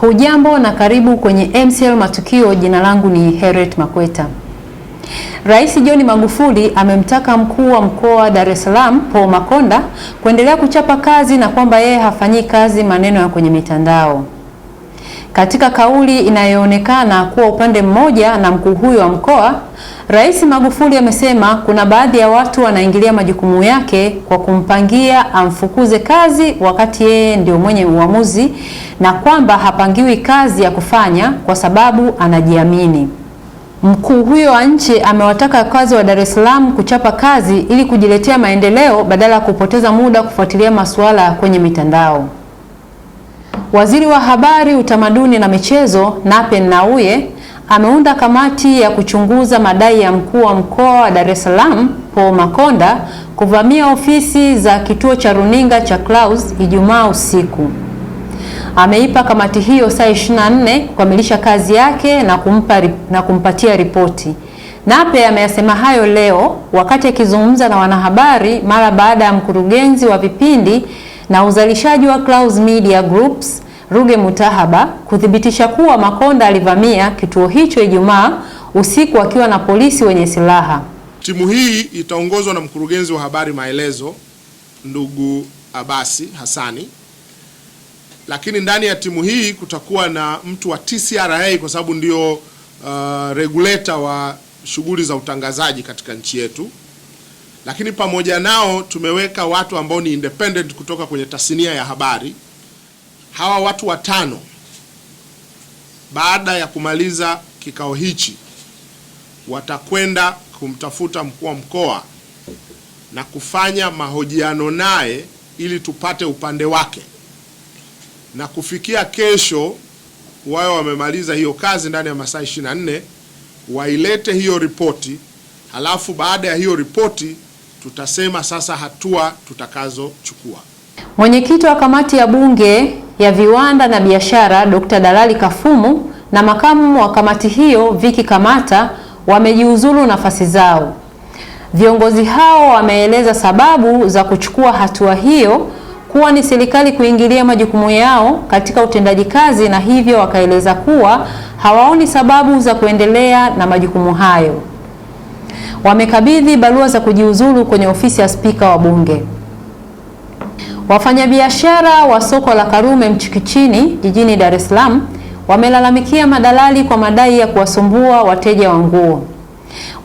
Hujambo na karibu kwenye MCL Matukio. Jina langu ni Heret Makweta. Rais John Magufuli amemtaka mkuu wa mkoa Dar es Salaam Paul Makonda kuendelea kuchapa kazi na kwamba yeye hafanyi kazi maneno ya kwenye mitandao. Katika kauli inayoonekana kuwa upande mmoja na mkuu huyo wa mkoa, Rais Magufuli amesema kuna baadhi ya watu wanaingilia majukumu yake kwa kumpangia amfukuze kazi wakati yeye ndio mwenye uamuzi na kwamba hapangiwi kazi ya kufanya kwa sababu anajiamini. Mkuu huyo wa nchi amewataka wakazi wa Dar es Salaam kuchapa kazi ili kujiletea maendeleo badala ya kupoteza muda kufuatilia masuala kwenye mitandao. Waziri wa Habari, Utamaduni na Michezo Nape Nnauye ameunda kamati ya kuchunguza madai ya mkuu wa mkoa wa Dar es Salaam Paul Makonda kuvamia ofisi za kituo cha runinga cha Clouds Ijumaa usiku. Ameipa kamati hiyo saa 24 kukamilisha kazi yake na kumpa, na kumpatia ripoti. Nape ameyasema hayo leo wakati akizungumza na wanahabari mara baada ya mkurugenzi wa vipindi na uzalishaji wa Clouds Media Groups Ruge Mutahaba kuthibitisha kuwa Makonda alivamia kituo hicho Ijumaa usiku akiwa na polisi wenye silaha. Timu hii itaongozwa na mkurugenzi wa habari maelezo, ndugu Abasi hasani lakini ndani ya timu hii kutakuwa na mtu wa TCRA kwa sababu ndio uh, regulator wa shughuli za utangazaji katika nchi yetu, lakini pamoja nao tumeweka watu ambao ni independent kutoka kwenye tasnia ya habari hawa watu watano baada ya kumaliza kikao hichi watakwenda kumtafuta mkuu wa mkoa na kufanya mahojiano naye ili tupate upande wake, na kufikia kesho wao wamemaliza hiyo kazi ndani ya masaa 24, wailete hiyo ripoti. Halafu baada ya hiyo ripoti tutasema sasa hatua tutakazochukua. Mwenyekiti wa kamati ya bunge ya Viwanda na Biashara Dr. Dalali Kafumu na makamu wa kamati hiyo Viki Kamata wamejiuzulu nafasi zao. Viongozi hao wameeleza sababu za kuchukua hatua hiyo kuwa ni serikali kuingilia majukumu yao katika utendaji kazi na hivyo wakaeleza kuwa hawaoni sababu za kuendelea na majukumu hayo. Wamekabidhi barua za kujiuzulu kwenye ofisi ya spika wa Bunge. Wafanyabiashara wa soko la Karume Mchikichini jijini Dar es Salaam wamelalamikia madalali kwa madai ya kuwasumbua wateja wa nguo.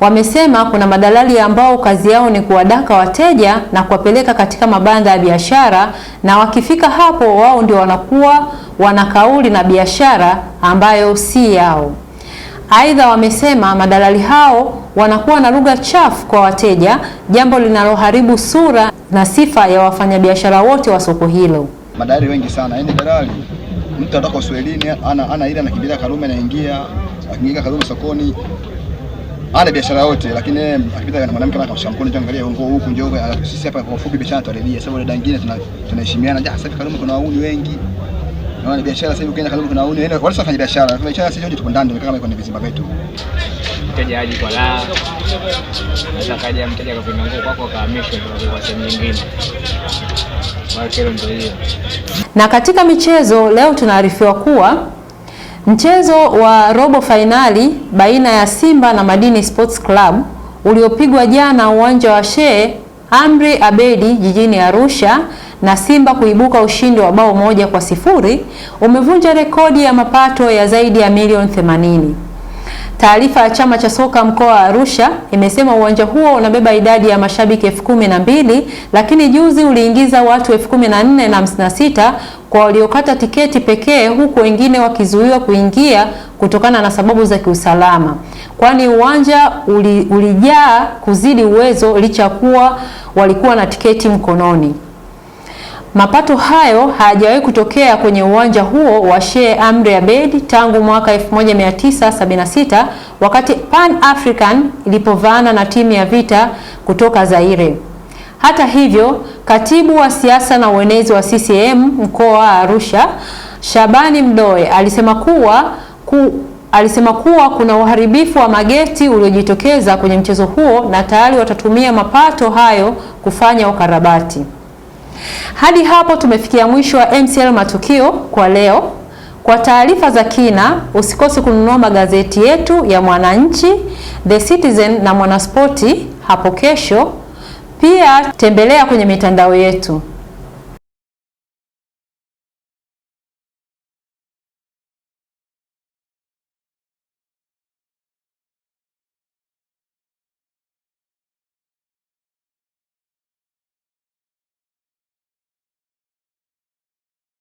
Wamesema kuna madalali ambao kazi yao ni kuwadaka wateja na kuwapeleka katika mabanda ya biashara, na wakifika hapo wao ndio wanakuwa wana kauli na biashara ambayo si yao. Aidha, wamesema madalali hao wanakuwa na lugha chafu kwa wateja, jambo linaloharibu sura na sifa ya wafanyabiashara wote wa soko hilo. Madalali wengi sana, yaani dalali mtu anatoka Uswahilini ana, ana ile anakimbilia Karume anaingia akiingia Karume sokoni ana biashara yote, lakini akipita na mwanamke anakashika mkono, njoo angalia huko huko, njoo sisi hapa. Kwa ufupi biashara tunarudia, sababu dada nyingine tunaheshimiana. Ja, ah, sasa Karume kuna wauni wengi naona biashara sasa hivi, ukienda Karume kuna wauni, wale sasa fanya biashara, biashara sisi yote tuko ndani, kama iko ni vizimba vyetu mteja aje kwa laa, naweza kaja mteja akapenda nguo kwako akahamishwa kwa sehemu nyingine. Kero hiyo. Na katika michezo leo tunaarifiwa kuwa mchezo wa robo fainali baina ya Simba na Madini Sports Club uliopigwa jana uwanja wa Sheikh Amri Abedi jijini Arusha na Simba kuibuka ushindi wa bao moja kwa sifuri umevunja rekodi ya mapato ya zaidi ya milioni 80. Taarifa ya chama cha soka mkoa wa Arusha imesema uwanja huo unabeba idadi ya mashabiki elfu kumi na mbili lakini juzi uliingiza watu elfu kumi na nne na hamsini na sita kwa waliokata tiketi pekee, huku wengine wakizuiwa kuingia kutokana na sababu za kiusalama, kwani uwanja ulijaa kuzidi uwezo licha kuwa walikuwa na tiketi mkononi. Mapato hayo hayajawahi kutokea kwenye uwanja huo wa Sheikh Amri Abeid tangu mwaka 1976 wakati Pan African ilipovaana na timu ya vita kutoka Zaire. Hata hivyo, katibu wa siasa na uenezi wa CCM mkoa wa Arusha, Shabani Mdoe alisema kuwa ku, alisema kuwa kuna uharibifu wa mageti uliojitokeza kwenye mchezo huo na tayari watatumia mapato hayo kufanya ukarabati. Hadi hapo tumefikia mwisho wa MCL matukio kwa leo. Kwa taarifa za kina, usikose kununua magazeti yetu ya Mwananchi, The Citizen na Mwanaspoti hapo kesho. Pia tembelea kwenye mitandao yetu.